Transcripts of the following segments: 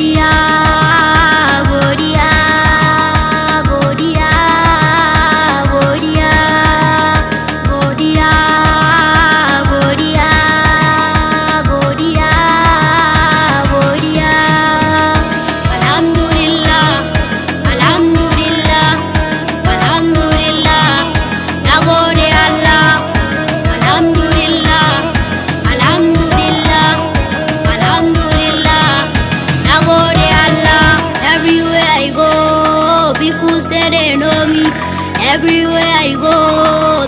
呀。Everywhere I go,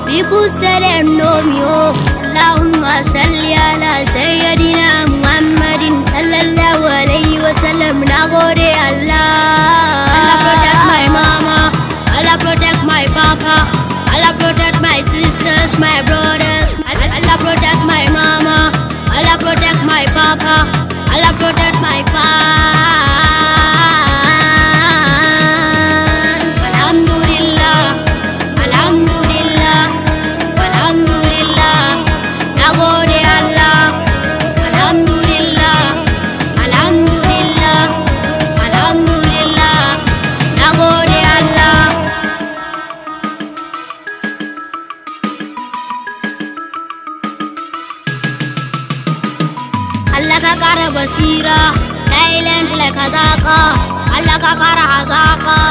people say they know me. Oh, Allahumma salli ala Sayyidina Muhammadin sallallahu alaihi wasallam. Nagode Allah. Allah protect my mama. Allah protect my papa. Allah protect my sisters, my brothers. Allah protect my mama. Allah protect my papa. Allah protect my father. بصيرة لا إله لك هزاقة الله كار هزاقة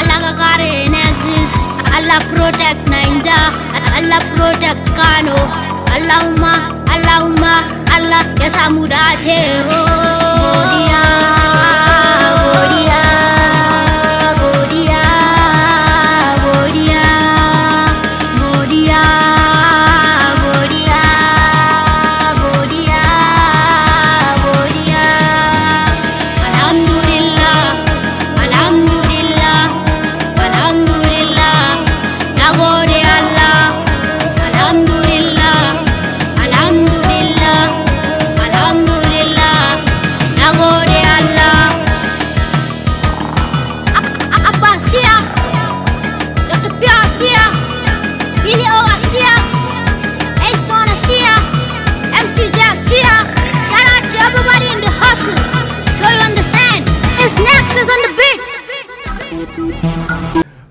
الله كار نكزس الله protect نينجا الله protect كانو اللهم اللهم الله يسامو داتي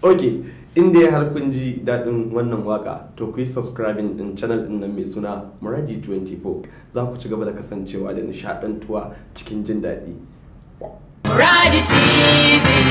ok inda ya har kun ji daɗin wannan waka to ku yi subscribing din channel din nan mai suna muraji 24 za ku ci gaba da kasancewa da nishaɗantuwa cikin jin daɗi muraji tv